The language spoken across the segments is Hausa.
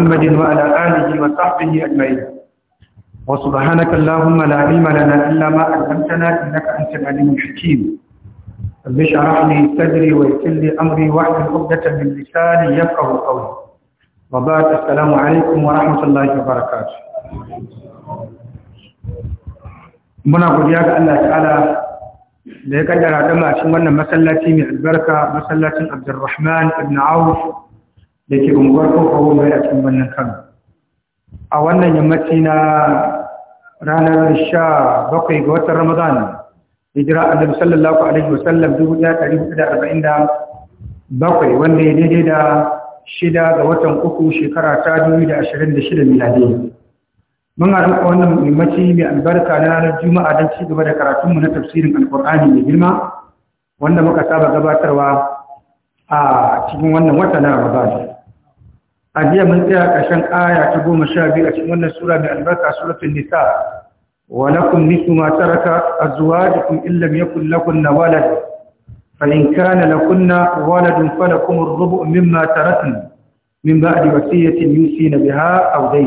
محمد وعلى آله وصحبه أجمعين وسبحانك اللهم لا علم لنا إلا ما علمتنا إنك أنت العليم الحكيم رب اشرح لي صدري ويسر لي أمري واحلل عقدة من لساني يفقه قولي وبعد السلام عليكم ورحمة الله وبركاته muna godiya ga Allah ta'ala da ya kaddara da mu a cikin wannan masallaci mai albarka masallacin Abdulrahman ibn da ke unguwar kofar mai a cikin birnin kano a wannan yammaci na ranar sha bakwai ga watan ramadan a dabi sallallahu alaihi wasallam dubu ɗaya ɗari hudu da arba'in da bakwai wanda ya daidai da shida ga watan uku shekara ta dubu da ashirin da shida miladi mun haɗu a wannan yammaci mai albarka na ranar juma'a don ci gaba da karatunmu na tafsirin alkur'ani mai girma wanda muka saba gabatarwa a cikin wannan wata na ramadan a jiya mun tsaya ƙarshen aya ta goma sha biyu a cikin wannan sura mai albarka suratul nisa wa lakum mithlu ma taraka azwajukum in lam yakul na walad fa in kana na waladun falakum rubu mimma tarakna min ba'di wasiyatin yusina biha aw dayn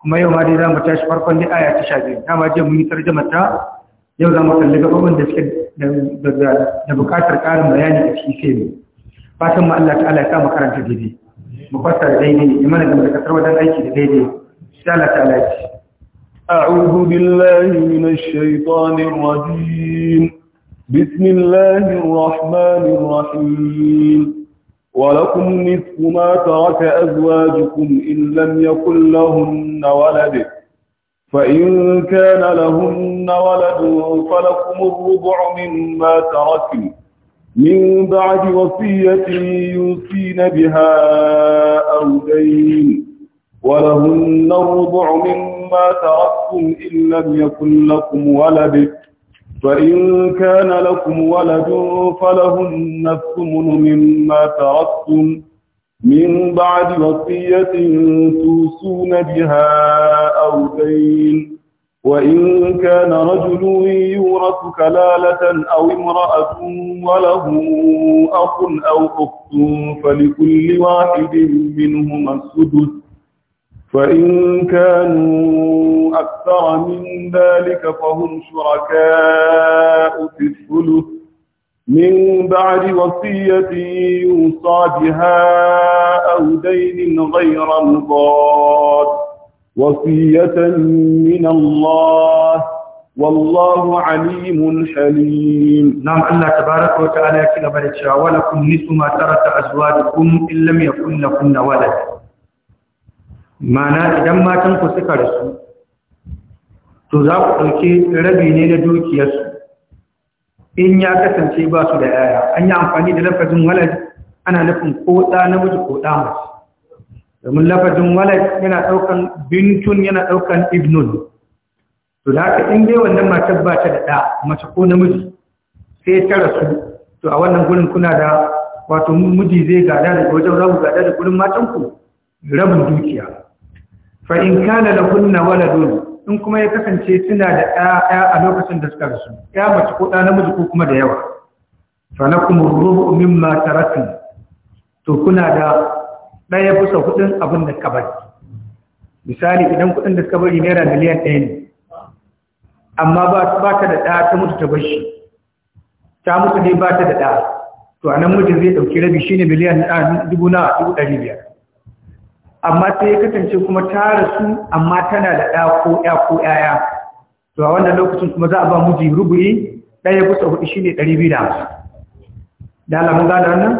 kuma yau ma dai za mu tashi farkon da aya ta sha biyu dama jiya mun yi tarjumar ta yau za mu kalli gaban da suke da bukatar ƙarin bayani a cikin sai mu fatan mu Allah ta'ala ya sa mu karanta daidai مفسر ديني لمن يملك ثروه الايتي ديني سالت علي اعوذ بالله من الشيطان الرجيم بسم الله الرحمن الرحيم ولكم نصف ما ترك ازواجكم ان لم يكن لهن ولد فان كان لهن ولد فلكم الربع مما تركن من بعد وصية يوصين بها أو دين ولهن الربع مما تركتم إن لم يكن لكم ولد فإن كان لكم ولد فلهن الثمن مما تركتم من بعد وصية توصون بها أو دين وإن كان رجل يورث كلالة أو امرأة وله أخ أو أخت فلكل واحد منهما السدس فإن كانوا أكثر من ذلك فهم شركاء في الثلث من بعد وصية يوصى بها أو دين غير مضاد وصية من الله والله عليم حليم نعم الله تبارك وتعالى كده بلتشا ولكم نسو ما ترت أزواجكم إن لم يكن لكم ولد ما إذا ما تنكو سكر رسول تزاق الكي ربي نين دوك يسو إن يكسن سيباس لآية أن يعمفاني دلفز ولد أنا لكم قوتا نوج قوتا مس domin lafazin walad yana ɗaukan bintun yana ɗaukan ibnun to da haka in dai wannan matar ba ta da da mace ko namiji sai ta rasu to a wannan gurin kuna da wato miji zai gada da wajen rabu gada da gurin matanku rabin dukiya fa in kana kunna waladun in kuma ya kasance suna da ɗaya a lokacin da suka rasu ya mace ko da namiji ko kuma da yawa lakum rubu mimma taraktum to kuna da ya bisa kuɗin abin da ka bari misali idan kuɗin da suka bari naira miliyan ɗaya ne amma ba ta da ɗa ta mutu ta bar shi. ta mutu dai ba ta da ɗa to a nan mijin zai ɗauki rabi shi ne miliyan dubu na dubu ɗari biyar amma sai ya kasance kuma ta rasu amma tana da ɗa ko ya ko ƴaƴa to a wannan lokacin kuma za a ba miji rubu'i ɗaya bisa hudu shi ne ɗari biyu da hamsin da alamun gane wannan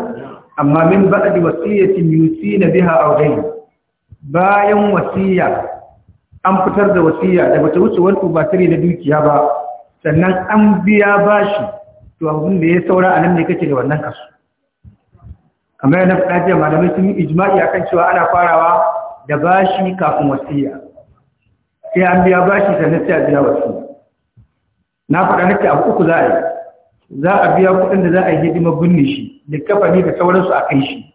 amma min ba'di wasiyatin yusina biha aw dayn bayan wasiya an fitar da wasiya da bata wuce wani tare da dukiya ba sannan an biya bashi to abin da ya saura a nan ne kake da wannan kaso kamar yana faɗa jiya malamai sun yi ijma'i akan cewa ana farawa da bashi kafin wasiya sai an biya bashi sannan sai a biya wasiya na faɗa nake abu uku za a yi za a biya kuɗin da za a yi hidima binne shi da ne da sauransu a kai shi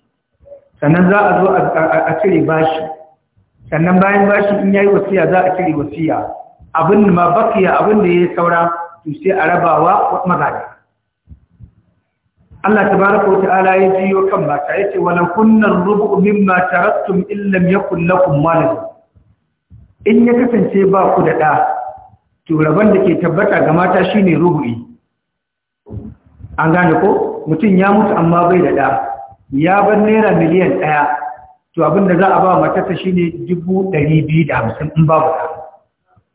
sannan za a zo a cire bashi sannan bayan bashi in yayi wasiya za a cire wasiya abin ma bakiya abin da ya saura to sai a rabawa magana Allah tabaraka wata'ala ya jiyo kan mata yace wala kunnar rubu mimma taraktum in lam yakul lakum mal in ya kasance ba ku da ɗa. to rabon da ke tabbata ga mata shine rubu'i an gane ko mutum ya mutu amma bai da ɗa ya bar naira miliyan ɗaya to abin da za a ba matarsa shi ne dubu ɗari biyu da hamsin in babu ta?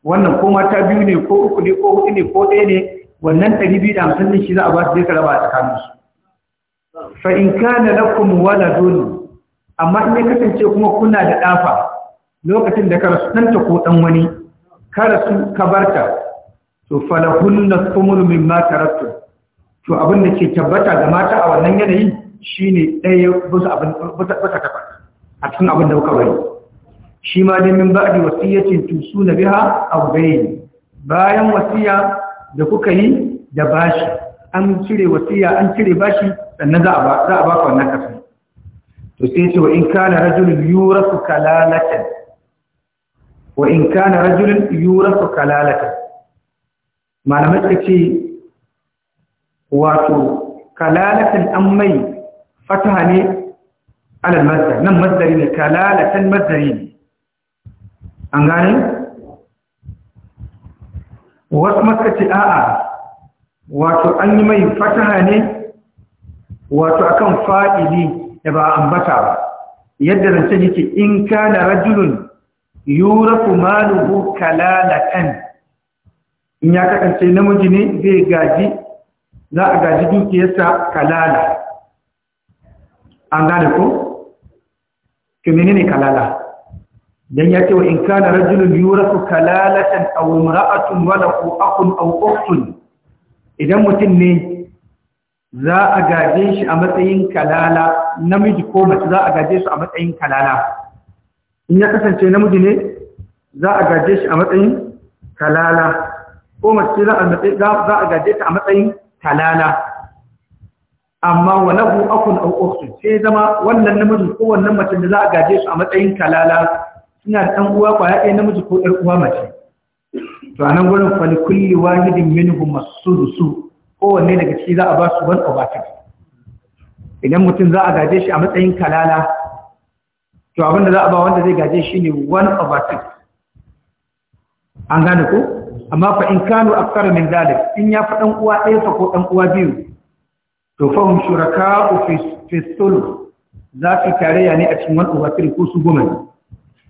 wannan ko mata biyu ne ko uku ne ko huɗu ne ko ɗaya ne wannan ɗari biyu da hamsin ɗin shi za a ba su zai karaba a su. fa in kana lakum dole. amma in ya kasance kuma kuna da ɗafa lokacin da ka rasu ta ko ɗan wani ka rasu ka barta to falahunna thumul mimma taraktum to abin da ke tabbata ga mata a wannan yanayi shine ɗaya bisa abin bisa takwas a cikin abin da kuka bari shi ma dai min ba'di wasiyatin na biha aw bayn bayan wasiya da kuka yi da bashi an cire wasiya an cire bashi sannan za a ba za a ba ka wannan kaso to sai ce wa in kana rajulun yurasu kalalatan wa in kana rajulun yurasu kalalatan malamai suka ce wato kalalatan an mai fataha ne alal masdar nan mazari ne kalalatan mazari ne an gane wasu maskaci a'a wato an yi mai fataha ne wato akan fa'ili da ba ambata ba yadda zancen yake in ka kana rajulun yurafu maluhu kalalatan in ya kakance namiji ne zai gaji za a gaji dukiyarsa kalala an gane ku? ke ne kalala dan ya ce wa in kana rajulun su kalalatan aw imra'atun wa lahu akhun aw ukhtun idan mutum ne za a gaje shi a matsayin kalala namiji ko mace za a gaje su a matsayin kalala in ya kasance namiji ne za a gaje shi a matsayin kalala ko mace za a gaje ta a matsayin Kalala. amma walahu lahu akun aw ukhtun sai zama wannan namiji ko wannan mace da za a gaje su a matsayin kalala suna da dan uwa kwaya ɗaya namiji ko ɗan uwa mace to a nan gurin fa kulli wahidin minhum masudusu kowanne daga ciki za a ba su ban obata idan mutum za a gaje shi a matsayin kalala to abinda za a ba wanda zai gaje shi ne one over six an gane ko amma fa in kanu aktsara min dalik in ya fa dan uwa ɗaya fa ko dan uwa biyu to fa hum shuraka'u fi fi sulh za su ya ne a cikin wani uwa ko su goma ne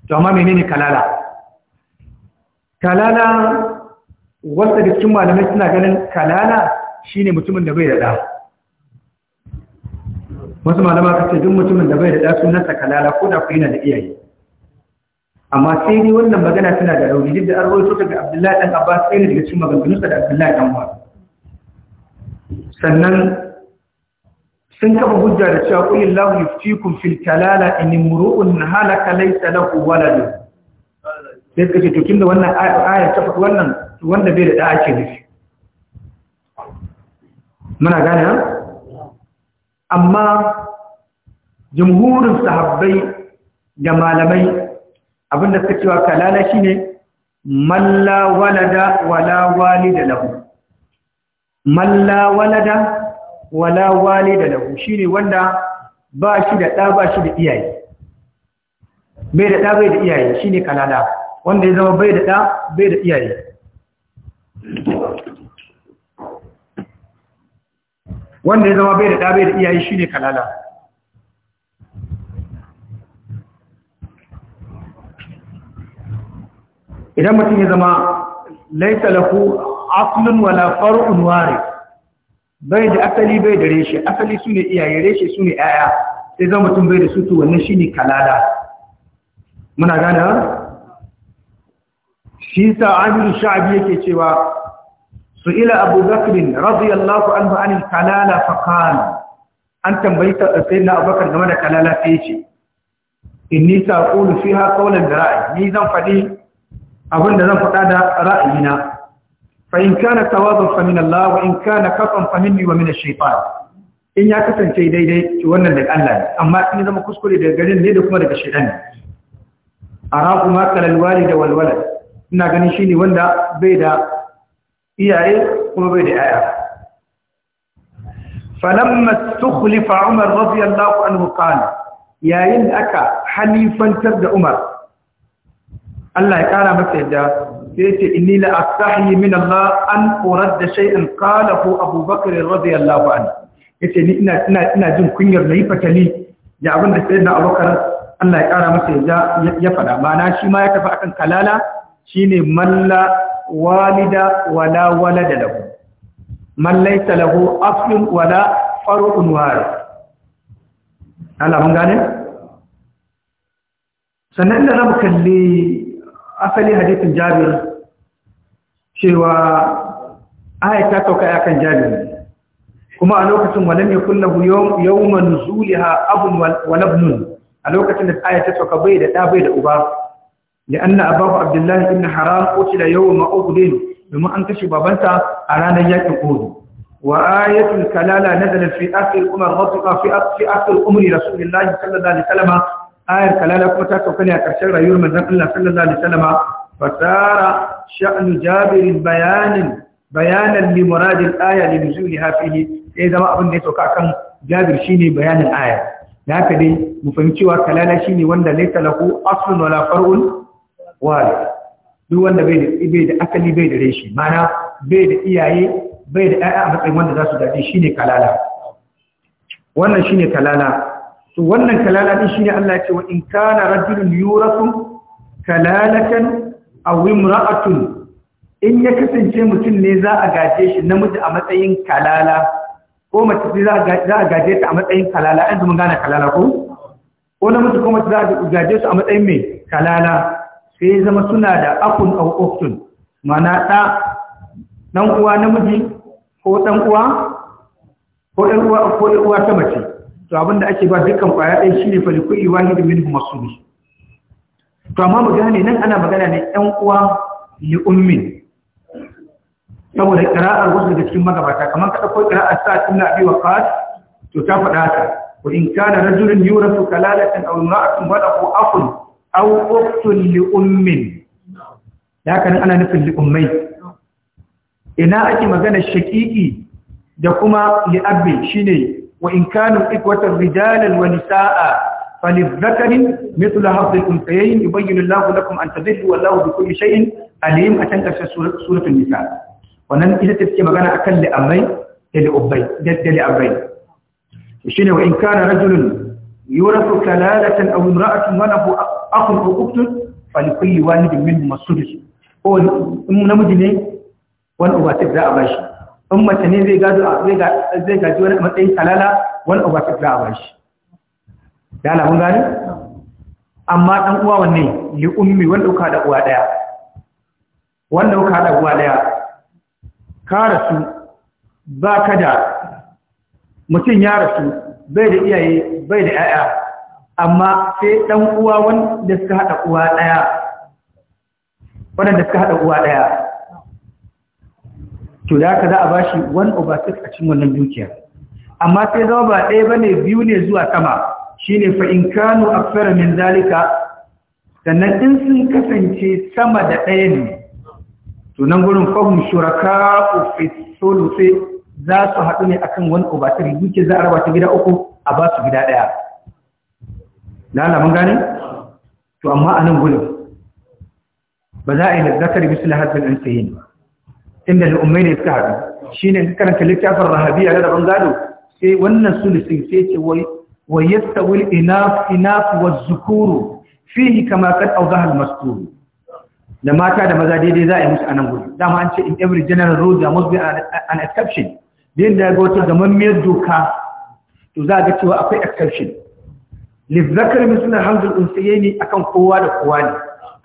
to amma menene kalala kalala wanda da cikin malamai suna ganin kalala shine mutumin da bai da da wasu malama ka ce duk mutumin da bai da da sunansa kalala ko da ku yana da iyaye amma sai dai wannan magana tana da rauni duk da an rawaito daga Abdullahi dan Abbas sai ne daga cikin maganganunsa da Abdullahi dan Umar sannan sun kafa hujja da cewa qul illahu yuftikum fil talala in imru'un halaka laysa lahu waladun sai kace to kinda wannan aya ta faɗi wannan wanda bai da da ake nufi muna gane amma jumhurin sahabbai da malamai abinda suka cewa kalala shine malla walada wala walida lahu malla walada wala walida lahu shine wanda ba shi da ɗa ba shi da iyaye bai da ɗa bai da iyaye shine kalala wanda ya zama bai da ɗa bai da iyaye wanda ya zama bai da ɗa bai da iyaye shine kalala idan mutum ya zama laisa lahu aslun wala far'un ware. bai da asali bai da reshe asali ne iyaye reshe ne yaya sai zama mutum bai da su to shi ne kalala muna gane shi sa Amir Sha'bi yake cewa su ila Abu Bakr radiyallahu anhu anil kalala fa qala an tambayi sayyidina na Abubakar game da kalala sai yace inni ha fiha da ra'ayi. ni zan faɗi. abin da zan faɗa da ra'ayina fa in kana tawazun fa min Allah wa in kana kafan fa minni wa min ash-shaytan in ya kasance daidai to wannan daga Allah ne amma in zama kuskure daga garin ne da kuma daga shaytan araku ma kala alwalid wal walad ina ganin shine wanda bai da iyaye kuma bai da yaya falamma tukhlifa umar radiyallahu anhu qala yayin da aka halifantar da umar Allah ya ƙara masa yadda sai ce inni la astahi min Allah an da shay'an qalahu Abu Bakr radiyallahu anhu yace ni ina ina ina jin kunyar nayi fatali ya abin da sayyidina Abu Bakr Allah ya ƙara masa yadda ya fada mana shi ma ya tafi akan kalala shine malla walida wala walada lahu man laysa lahu aslun wala far'un warith Allah mun gane sannan da rabu kalli asali hadisin jabir cewa aya ta sauka akan jabir kuma a lokacin walam ya kullahu yawma nuzuliha abun walabnun a lokacin da aya ta sauka bai da da bai da uba لأن أباه عبد الله بن حرام قتل يوم أغد babanta a ranar بنتا أرانا يكون وآية الكلالة da في آخر أمر رضق في آخر أمر رسول الله صلى الله عليه وسلم ayar kalala ko ta sauka ne a ƙarshen rayuwar manzon Allah sallallahu alaihi wasallam fasara sha'nu jabir bayanin bayanan li murad al-aya li nuzuliha fihi sai zama abin da ya sauka kan jabir shine bayanin aya da haka dai mu fahimci cewa kalala shine wanda laysa lahu aslun wala far'un wal duk wanda bai da bai da akali bai da reshi mana bai da iyaye bai da ƴaƴa a matsayin wanda za su dace shine kalala wannan shine kalala to wannan kalala din shine Allah ya ce wa in kana rajulun yurasu kalalatan aw imra'atun in ya kasance mutum ne za a gaje shi namiji a matsayin kalala ko mace ce za a gaje ta a matsayin kalala an zama gane kalala ko ko namiji ko mace za a gaje su a matsayin mai kalala sai ya zama suna da akun aw uktun mana da dan uwa namiji ko dan uwa ko dan uwa ko dan uwa ta mace to abin da ake ba dukkan kwaya ɗaya shine fa likulli wahidin minhum masubi to amma mu gane nan ana magana ne ɗan uwa li ummin saboda qira'ar wasu daga cikin magabata kamar ka dauko qira'ar sa'ad inna bi waqat to ta faɗa ta wa in kana rajulun yurasu kalalatan aw ra'atun wa lahu akhun aw ukhtun li ummin yakan ana nufin li ummai ina ake magana shaqiqi da kuma li abbi shine وإن كانوا إخوة رجالا ونساء فللذكر مثل حظ الأنثيين يبين الله لكم أن تذلوا والله بكل شيء عليم أتنكر سورة النساء wannan ita take magana akan li'amai da li'ubbai da li'abbai shine wa in kana rajulun yurasu kalalatan aw imra'atun wa lahu akhun aw ukhtun fa li kulli wahidin minhum as-sudus ko namiji ne wani uba da za a bashi in mace ne zai gado zai gaji wani matsayin talala wani over six a ba shi da alamun gani amma ɗan uwa wanne li ummi wanda uka da uwa ɗaya wanda uka da uwa ɗaya ka rasu ba ka da mutum ya rasu bai da iyaye bai da 'ya'ya amma sai ɗan uwa wanda suka haɗa uwa ɗaya waɗanda suka haɗa uwa ɗaya to da aka za a bashi 1 over 6 a cikin wannan dukiya amma sai zama ba ɗaya bane biyu ne zuwa sama shine fa in kanu akthara min zalika sannan in sun kasance sama da ɗaya ne to nan gurin fahim shuraka fi sulusi za su haɗu ne akan 1 over 3 dukiya za a raba ta gida uku a ba su gida ɗaya lala mun gane to amma a nan gurin ba za a yi da zakar bisu lahazin ɗan sayin ba inda al'ummai ne suka haɗu shi ne karanta littafin rahabiya da rabon gado sai wannan sulusin sai ce wai ya wil inaf inaf wa zukuru fihi kama kan awdaha al da mata da maza daidai za a yi musu anan gudu dama an ce in every general rule there must be an exception din da ga wata gamammiyar doka to za ga cewa akwai exception lizzakar misalin hamdul unsiyaini akan kowa da kowa ne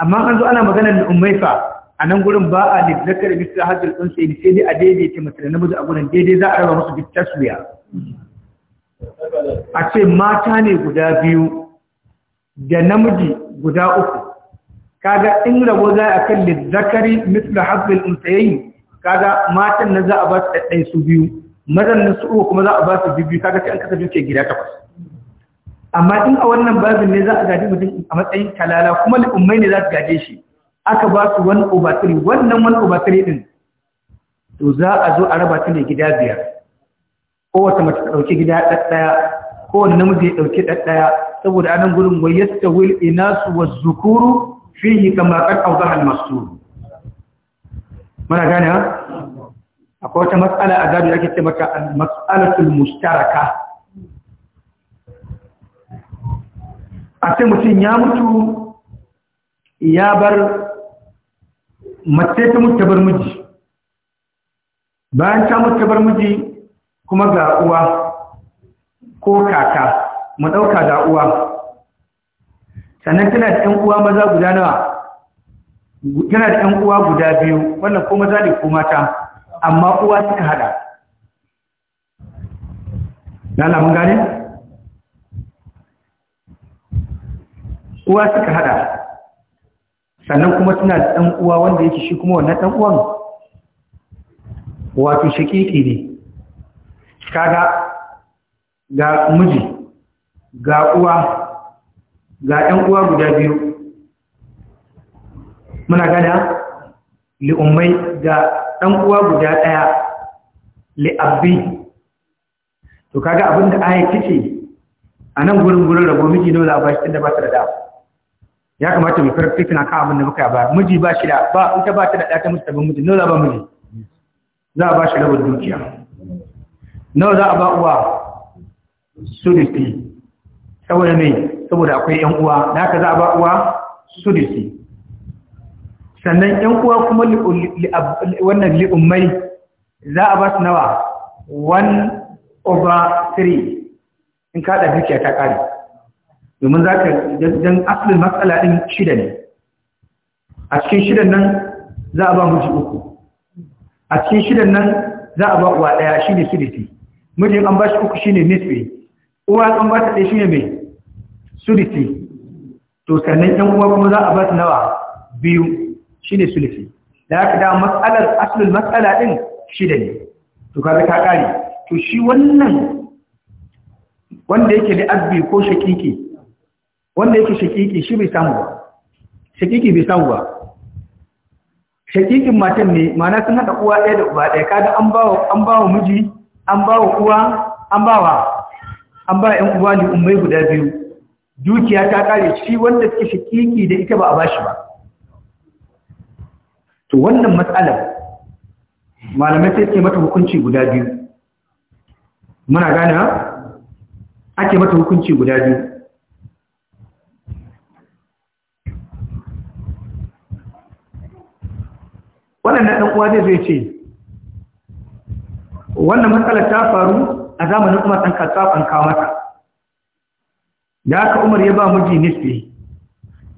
amma an zo ana maganar da fa. a nan gurin ba a lizzakar mista hajjal ɗin sai sai dai a daidaita mace da namiji a gurin daidai za a raba musu duk suya a ce mata ne guda biyu da namiji guda uku kaga in rabo za a kan lizzakari da hajjal ɗin sai kaga matan na za a ba su ɗaɗɗai su biyu mazan na su kuma za a ba su biyu kaga sai an kasa duke gida takwas amma in a wannan babin ne za a gaji mutum a matsayin kalala kuma al'ummai ne za su gaje shi aka ba su wani obatiri wannan wani obatiri ɗin, to za a zo a raba ta ne gida biyar kowace mace ɗauki gida ɗaɗɗaya kowane namiji ya ɗauki ɗaɗɗaya saboda anan gurin wai ta wil su wa zukuru fihi kama kan auzar almasu mana gane ha akwai wata matsala a zabi ake ce mata matsalatul mustaraka a ce mutum ya mutu ya bar mace ta mutu bar miji bayan ta mutu bar miji kuma ga uwa ko kaka mu ɗauka ga uwa sannan tana da ‘yan uwa maza guda nawa tana da ‘yan uwa guda biyu wannan ko maza ne ko mata amma uwa suka hada lala mun gane uwa suka hada sannan kuma suna da ɗan uwa wanda yake shi kuma wannan ɗan uwan wato shakiki ne kaga ga miji ga uwa ga ɗan uwa guda biyu muna gada li'ummai ga ɗan uwa guda ɗaya li'abbi to kaga abinda aya kice a nan gurin gurin rabo miji ne za a bashi tunda ba ta da da'a ya kamata mu karfi tana kan abin da muka ba miji ba shi da ba ita ba ta da ta musu tabin miji nawa ba miji za a ba shi rabin dukiya nawa za a ba uwa sudisi saboda mai saboda akwai yan uwa da haka za a ba uwa sudisi sannan yan uwa kuma wannan li'ummai za a ba su nawa 1 over 3 in ka da dukiya ta ƙari. domin za ka don asalin matsala ɗin shida ne a cikin shidan nan za a ba miji uku a cikin shidan nan za a ba uwa ɗaya shi ne sudisi mijin an ba shi uku shi ne nisbe uwa an ba ta ɗaya shi ne mai sudisi to sannan ‘yan uwa kuma za a ba ta nawa biyu shi ne sudisi da haka da matsalar asalin matsala ɗin shida ne to ka ta ƙari to shi wannan wanda yake da azbi ko shakiki wanda yake shakiki shi bai samu ba shakiki bai samu ba shakikin matan ne ma'ana sun haɗa uwa ɗaya da uba ɗaya kada an bawa an bawa miji an bawa uwa an bawa an ba ƴan uwa ne ummai guda biyu dukiya ta kare shi wanda suke shakiki da ita ba a bashi ba to wannan matsalar malamai sai suke mata hukunci guda biyu muna gane ake mata hukunci guda biyu waɗanda ɗan uwa zai zai ce wannan matsalar ta faru a zamanin umar ɗan kasuwa an kawo mata da haka umar ya ba muji nisfi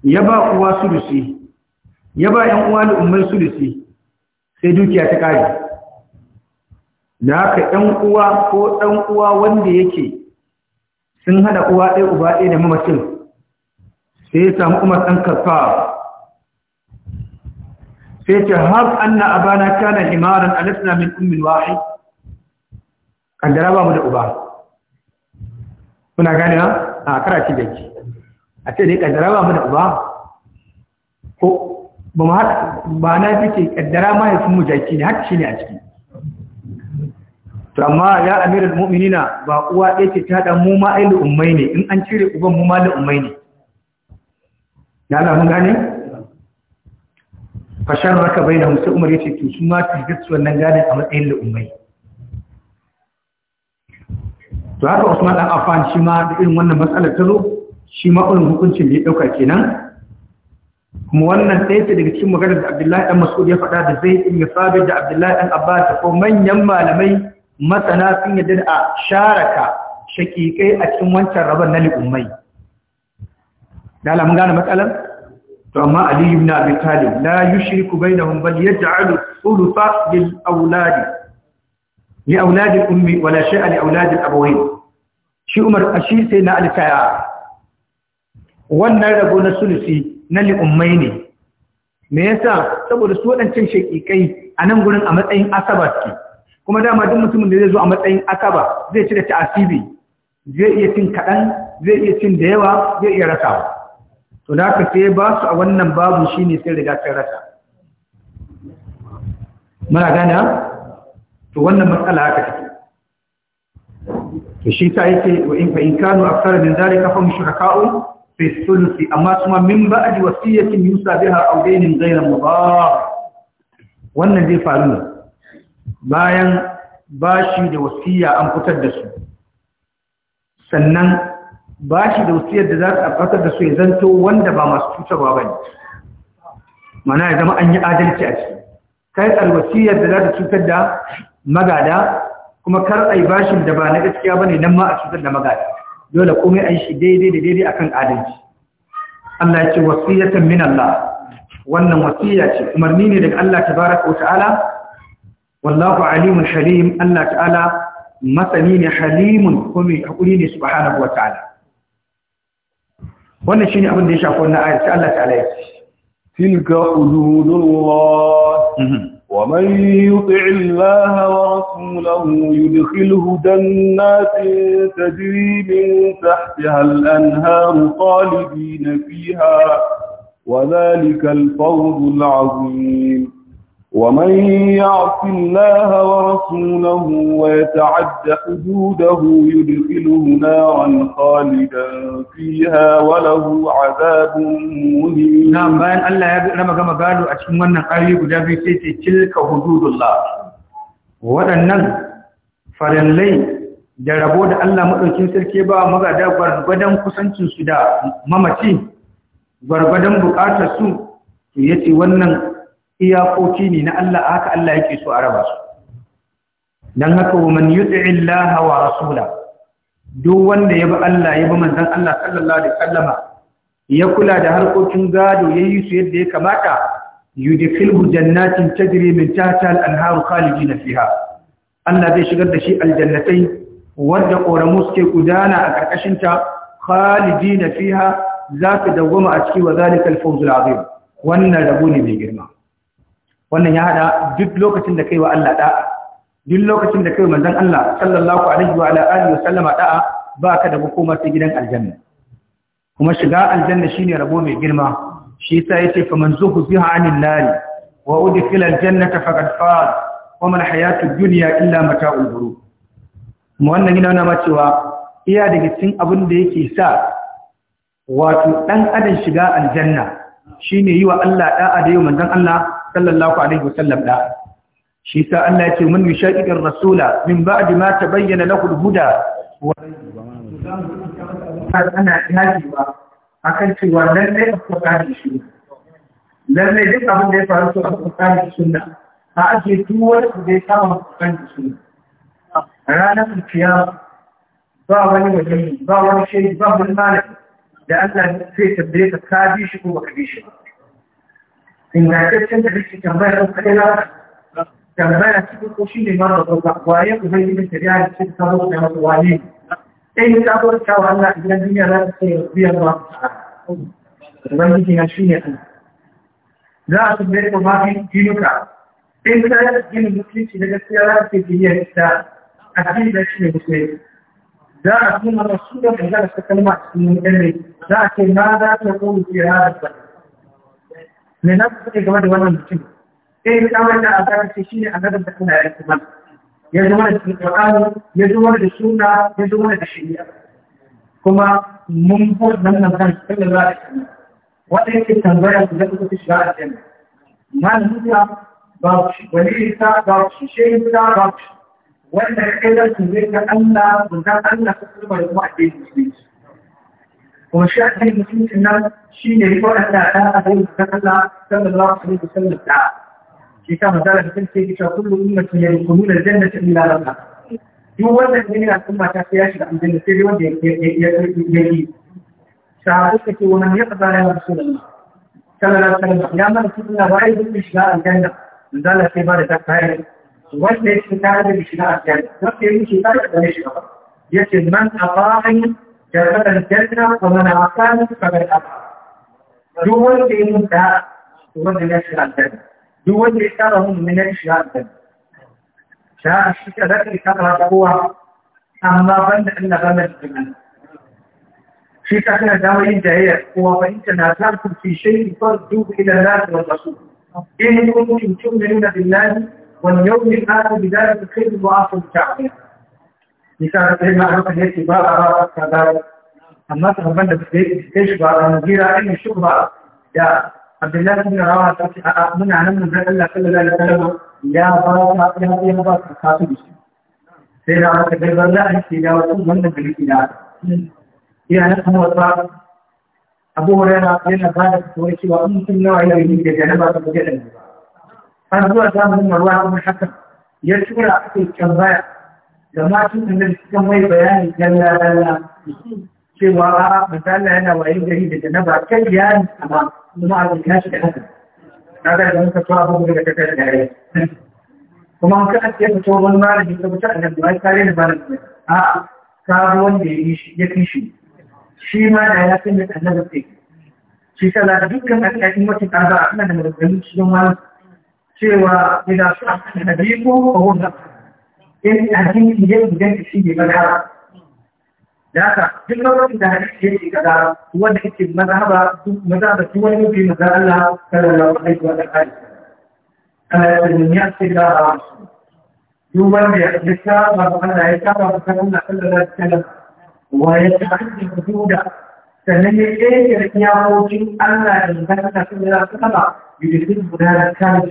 ya ba uwa sulusi ya ba ‘yan uwa da umar sulusi sai dukiya ta ƙari da haka ‘yan uwa ko ɗan uwa wanda yake sun hada uwa ɗaya uba ɗaya da mamacin sai ya samu umar ɗan kasuwa sai ce har anna abana kana himaran alasna min ummin wahid kaddara ba mu da uba kuna gane ha a karaci da ke a ce dai kaddara ba mu da uba ko ba ma ba na fi ma ya mahaifinmu jaki ne hakki ne a ciki to amma ya amiral mu'minina ba uwa ɗaya ce ta haɗa mu ma ai ummai ne in an cire uban mu ma ummai ne ya Allah mun gane fashar raka bai na musu umar ya ce to su ma su wannan gane a matsayin la'ummai to haka usman dan Afan shi ma da irin wannan matsalar ta zo shi ma irin hukuncin da ya dauka kenan kuma wannan ɗaya ce daga cikin maganar da abdullahi dan mas'ud ya faɗa da zai ibn sabi da abdullahi Ɗan abbas da ko manyan malamai masana sun yadda a sharaka shakikai a cikin wancan rabon na li'ummai da alamun gane matsalar to amma ali ibn abi talib la yushriku bainahum bal yaj'alu thulutha lil awlad li awlad al ummi wala shay'a li awlad al abawayn shi umar ashi sai na alkaya wannan rabo na sulusi na li ummai ne me yasa saboda su wadancan shakikai a nan gurin a matsayin asaba ce kuma dama duk mutumin da zai zo a matsayin asaba zai ci da Asibi? zai iya cin kaɗan zai iya cin da yawa zai iya rasawa to da aka sai ba su a wannan babu shine sai riga sai rasa muna gane to wannan matsala haka take to shi ta yake wa in fa in kanu akthara min zalika fa mushraka'u fi thuluthi amma kuma min ba ba'di wasiyatin yusa biha aw dainin ghayra mudar wannan zai faru ne bayan bashi da wasiya an fitar da su sannan ba shi da wasiyar da za su tabbatar da su ya zanto wanda ba masu cutarwa ba ne mana ya zama an yi adalci a ciki kai alwasiyar da za ta cutar da magada kuma kar a yi bashin da ba na gaskiya ba ne nan ma a cutar da magada dole komai a yi shi daidai da daidai akan adalci Allah ya ce wasiyatan min Allah wannan wasiya ce umarni ne daga Allah tabaraka wa ta'ala wallahu alimun halim Allah ta'ala masani ne halimun kuma hakuri ne subhanahu wa ta'ala wannan shine abin da ya shafi wannan ayat Allah ta'ala ya ce tilka hududullah wa man yuti' Allah wa rasulahu yudkhilhu jannatin tajri min tahtiha al-anhar khalidin fiha wa dhalika al-fawz al-'azim ومن يعص الله ورسوله ويتعد حدوده يدخله نارا خالدا فيها وله عذاب مهين نعم بان الله لما كما قالوا اتكون wannan ayoyi guda biyu sai ce tilka hududullah wadannan farallai da rabo da Allah madaukin sarki ba magada gwargwadon kusancin su da mamaci gwargwadon bukatar su yace wannan iyakoki ne na Allah haka Allah yake so a raba su dan haka wa man yuti'i Allah wa rasula duk wanda ya bi Allah ya bi manzon Allah sallallahu alaihi wasallama ya kula da harkokin gado yayi su yadda ya kamata yudkhilhu jannatin tajri min tahtiha al-anharu khalidina fiha Allah zai shigar da shi aljannatai wadda koramu suke gudana a karkashin ta khalidina fiha za ka dawwama a ciki wa fawzul azim wannan rabu ne mai girma wannan ya hada duk lokacin da kai wa Allah da'a duk lokacin da kai manzon Allah sallallahu alaihi wa alihi wa sallama da'a baka da hukuma ta gidan aljanna kuma shiga aljanna shine rabo mai girma shi yasa yace fa man zuhziha 'anil nar wa udkhila aljannata faqad faz wa man hayatud dunya illa mata'ul ghurur kuma wannan yana nuna cewa iya daga cikin abin da yake sa wato dan adam shiga aljanna shine yi wa Allah da'a da yau manzon Allah sallallahu alaihi wasallam da shi sa Allah ya ce man yushaqiqir rasula min ba'di ma tabayyana lahu al-huda wa ana yajiwa akan cewa dan dai ka kare shi dan ne duk abin da ya faru to aka kare shi sunna a ake tuwar da ya kama kan shi ranar kiyama ba wani wajen ba wani shaidi ba wani malami da Allah zai tabbaye ka ka bi shi ko baka bi shi ba ingantaccen da nake tambaya don kaɗai na tambaya cikin ko shi ne mara zauka waye ku zai da shari'a da cikin sabon da masu wane sai idan duniya za ta ce biyan ba ubangiji na shi ne Allah za a tambaye ku ma fi jinuka in ka yi gina da gaskiya za ta ne za a tuna rasulun za cikin za ce za ta me na kuka game da wannan mutum sai eh, ya kawo da asarar ce shine annabin da Allah ya yi kuma ya zo mana cikin Qur'ani ya zo mana da sunna ya zo mana da shari'a kuma mun ko nan nan kan sallallahu alaihi wasallam wanda yake tambaya su da kuka shiga aljanna malamin ya ba shi wani ta ba shi shi ta ba wanda kai da su ne ga Allah mun ga Allah kuma da kuma addini ne kuma shi a cikin mutuncin nan shi ne waɗanda ta adai da Allah sallallahu alaihi wasallam da shi ta mazala da kanta ke cewa kullu ummatin yadkhulun aljannata illa man duk wannan jini na kuma ta sai ya shiga aljanna sai dai wanda ya ya yi shahabu kace wannan ya fada ya rasulullah sallallahu alaihi wasallam ya mana cikin labari duk shiga aljanna zalla sai ba da takai wanda ya shiga da shiga aljanna wanda ya shiga da shiga yace man aqa'i دخل الجنة ومن عصاني فقد أبى دول بينهم داء ومن يشرع الجنة دول يشترهم من يشرع الجنة شاء الشكل الذي كثرة قوة أما بند أن غمد الجنة في تحنا داوين جاية هو فإن تنازعتم في شيء فردوه إلى الله والرسول إن كنتم تؤمنون بالله واليوم الآخر بذلك خير وآخر التعبير nisa ba a rawa amma sahabban da suke kai shi ba a mugira ɗin shi ba da abdullahi bin rawa ta ce a'a muna nan mun zan Allah sallallahu alaihi wasallam ya ba ta ya ya ba ta kasu da shi sai na haka dai wallahi shi ya wasu wannan bilki da ya na kuma wata abu hurairah yana ba da tsoro cewa in sun yawa yau ne da ba ta buge da ba har zuwa samun marwa ibn haka. ya tura ake kan baya da matan da nan cikin mai bayani dalla dalla cewa a misali yana wayi gari da janaba kai ya amma kuma a cikin shi da haka ga da muka fara bugu da kaka da gare kuma an kan ya fito wani malami ta wuce a annabi wai kare da malami a ka wanda ya yi shi fi shi shi ma da ya san da annabi sai shi sala dukkan alƙalin mutum kaza ana da maganganu cikin wani cewa idan su annabi ko ko wannan in hadisi ya inganta shi ne mazhaba da haka duk lokacin da hadisi ya kaza wanda yake mazhaba duk mazhaba duk wani mafi maza Allah sallallahu alaihi wa sallam ala min yasir da duk wanda ya tsaka ba Allah ya tsaka ba kan Allah sallallahu alaihi wa sallam wa ya ta'addi hududa sannan ya ce ya kiyawo Allah da zaka ta da zaka ba bidin gudanar kan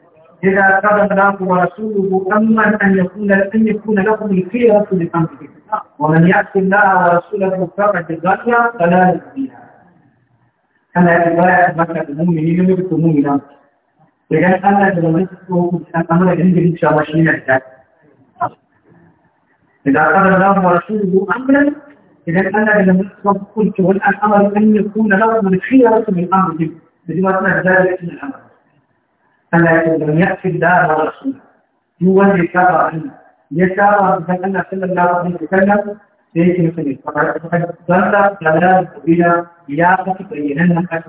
إذا قضى الله ورسوله أمرا أن يكون أن يكون لكم الخيرة من أمرهم ومن يأتي الله ورسوله فقد ضل ضلالا مبينا كما رواية مكة المؤمنين من مؤمنا إذا أنا دلوقتي أمر عندي إن شاء الله شيء إذا قضى الله ورسوله أمرا إذا أنا دلوقتي قلت أمر أن يكون لكم الخيرة من أمرهم. بدون ذلك من الأمر Allah ya lam yakfi dara rasul duk wanda ya saba Allah ya saba da Allah sallallahu alaihi wasallam sai yake nufin ne kamar zan da tsara kabila ya kafa bayyanan nan kan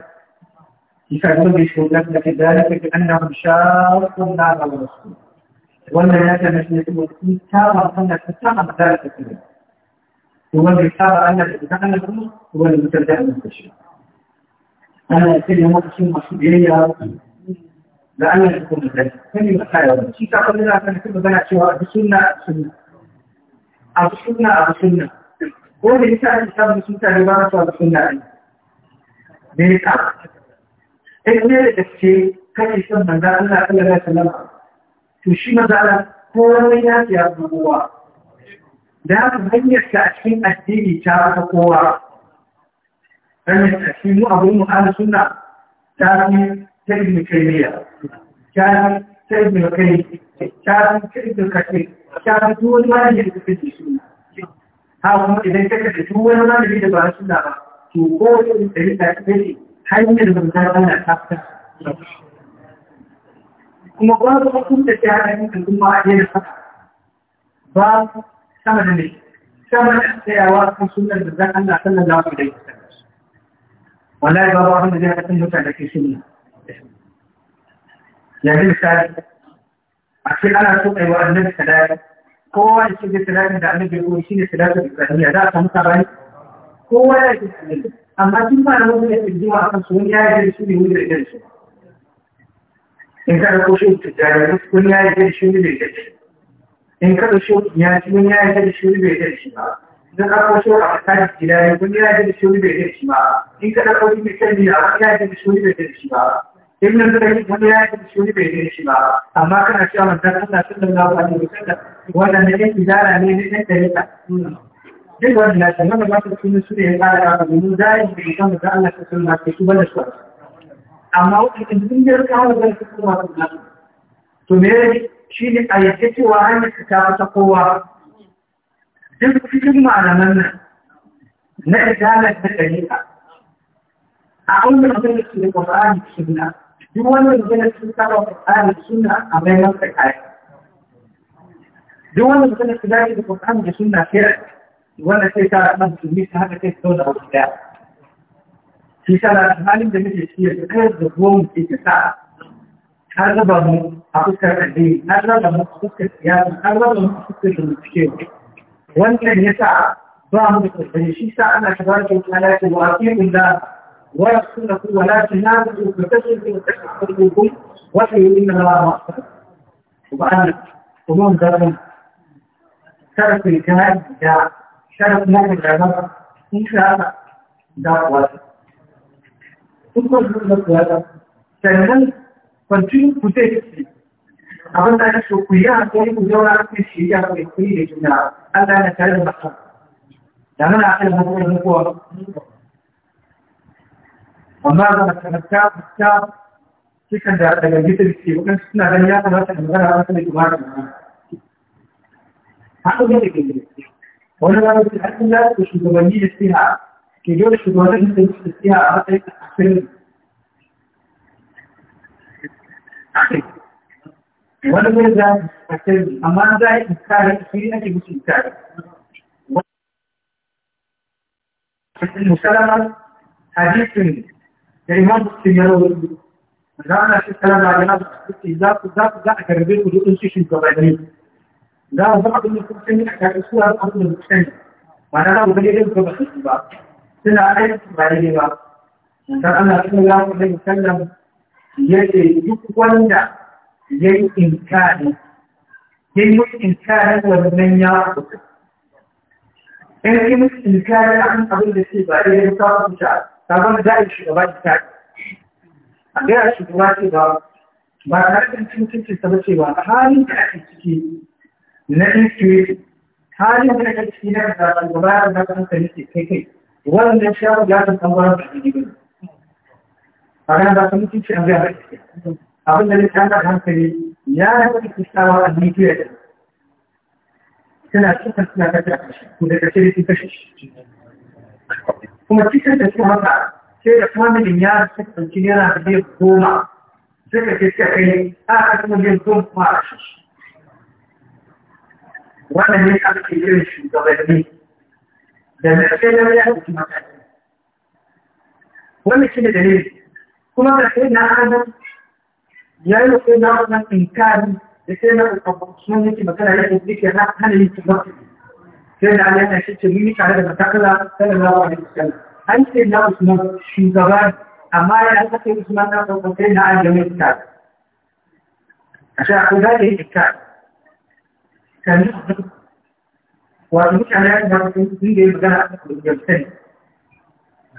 isa duk da shi da ke zalika da annahu shaqqun la rasul wannan ya tana shi ne saboda in saba Allah ta saba da wanda ya da ta da da Allah ya kuma da sani ba kai wani shi ta kallon na kan kuma gana cewa abu sunna sunna abu sunna abu sunna ko da yasa an samu sun tare ba su abu sunna ne ne ka eh ne da kace kake son manzo Allah to shi manzo Allah ya abu kowa da haka hanyar ta a cikin addini ta ta kowa hanyar ta mu ta ta ibn kaymiya shafi sai ibn kai shafi ta ibn kashe shafi wani malami da suka ji suna ha kuma idan ka kashe duk wani malami da ba suna ba to ko wani ɗari ta kai, hanyar da ta ana tsafta kuma babu hukunta ta hanyar da kuma ya yana ba sama da ne sama da tsayawa kan sunan da zan Allah sallallahu alaihi wasallam wallahi babu abin da zai kasance mutane ke sunna yanzu misali a ce ana so a yi wa annabi salati kowa ya ce salatin da annabi ya koyi shine salatin ibrahimiyya za a samu sabani kowa ya ce amma tun ba da wani yake jima a kan sun yaya da shi ne wuri da shi in kada ko shi tijjani sun yaya da shi ne da shi in kada shi ya ci wani yaya da shi ne da shi ba in ka ko shi a kasar gida ne wani yaya da shi ne da shi ba in ka ko shi mai canji a wani da shi ne da shi ba in yanzu da wannan ne da ya ta na ba su da ya ba domin zai yi da kan manzan Allah amma kuma na shi ne a yake cewa hanyar ta ta kowa duk cikin nan na da ɗariƙa a da ke cikin nan duk wanda zai na cikin sabon Qur'ani da sunna a mai masa kai duk wanda zai na cikin da Qur'ani da sunna sai wannan sai ta ran musulmi ta haka sai zauna a gida shi sa da halin da muke ciki da kai da ruwan ke ta sa har raba mu a fuskar addini har raba mu a fuskar siyasa har raba mu a fuskar zamantakewa wannan ya sa ba mu da tsaye shi sa ana shigar da kalaci wa aqimul la ويغفر لكم ولا تنابذوا فتشركوا وتحفظوكم وحيوا ان الله رحمه وبعد قانون ذلك شرف الكلام جاء شرف نادي العبادة إن شاء الله ده واجب تكون جملة واجب سنن continue to take it abin da na so ku yi hankali وماذا نتمتع a cikin da daga gita da ke wajen suna ganin ya kamata da magana wata mai kuma da magana. zai da gini. Wani rana da hakan ya ce shugabanni da siya ke yau shugabannin da suke siya a matsayin asirin. Wani zai za a amma za a yi iskarar shi ake musu iskarar. Musalama hadisin kalimar cikin yana wurin biyu za a shekara da yana da suke za ku za ku za a karbe ku duk shi shugabanni za a zama abin da a kafin suwa a ba na za ku gani yadda ba su ba suna aiki ba ne ba dan Allah sun ga mu da duk wanda yayi inkari yayi mutu inkari da wannan ya ku in kin inkari an abin da shi ba yayi ta ku ta kaga da ai shugaba ta a ga ya shugaba ce ba ba tare da cikin ta bace ba halin da ake ciki na ciki halin da ake ciki na da shugaba da kan ke kai kai wannan shawo ya san gwamnati da cikin ba ga da kan cikin an ga abin da ne kan da hankali ya yi kistawa a nigeria suna cikin suna kashe a kashe ko da kashe da kashe kuma cikin da suka masa sai da kuma mijin ya kasance yana da biyan goma sai ka ce suka kai a ka kuma biyan goma kuma a shi wannan ne aka ke yin shugabanni da na sai na ya ɗauki mataki wannan shi ne dalili kuma da sai na adam ya yi sai na wannan inkari da sai na ɗauka sun yake magana ya ɗauki ke na hana yin shugabanni sai Ali yana shi ce mini tare da matakala sallallahu alaihi wasallam an ce na Usman shugaba amma ya aka kai Usman na farko sai na Ali mai ta ashe akwai da yake ta kan wato mutane ya ga sun yi da magana a cikin jam'iyyar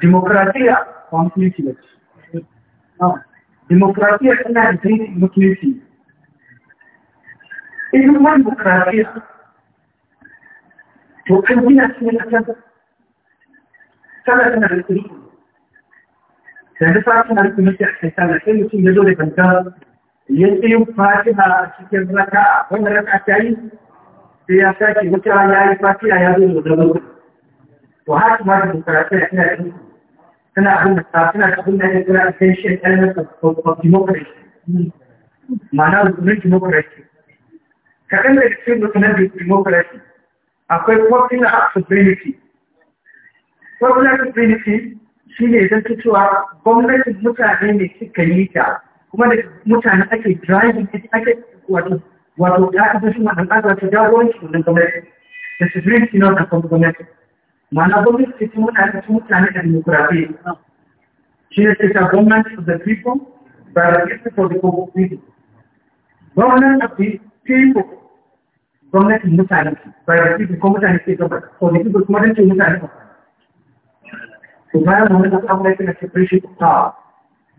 demokratiya ba musulunci ba ce demokratiya tana da tarihi musulunci ilimin demokratiya to an gina shi ne a can sallah tana da kuri Da fa tana da kuri a kai sallah sai mutum ya zo da kanta ya tsaye fatiha a cikin raka wanda raka ta yi sai ya sake wuta ya yi fatiha ya zo da zama to haka ma da karatu ya ina da tana abin da ta tana abin da ya kira attention element of democracy ma'ana rukunin Ka kaɗan da cikin rukunin democracy akwai popular stability popular stability shi ne zan cewa gwamnatin mutane ne suka yi ta kuma da mutane ake driving ake wato wato ta kasance ma'ana ta jagoranci wannan gwamnati da su birin sinon a gwamnati ma'ana gwamnati ce mutane ta mutane da demokurafi shi ne ce ta gwamnati of the people by the people for the people gwamnati of the people gwamnatin mutane bayarci ko mutane ke gaba ko da kuma kuma dace mutane ba to bayan mun da separation of power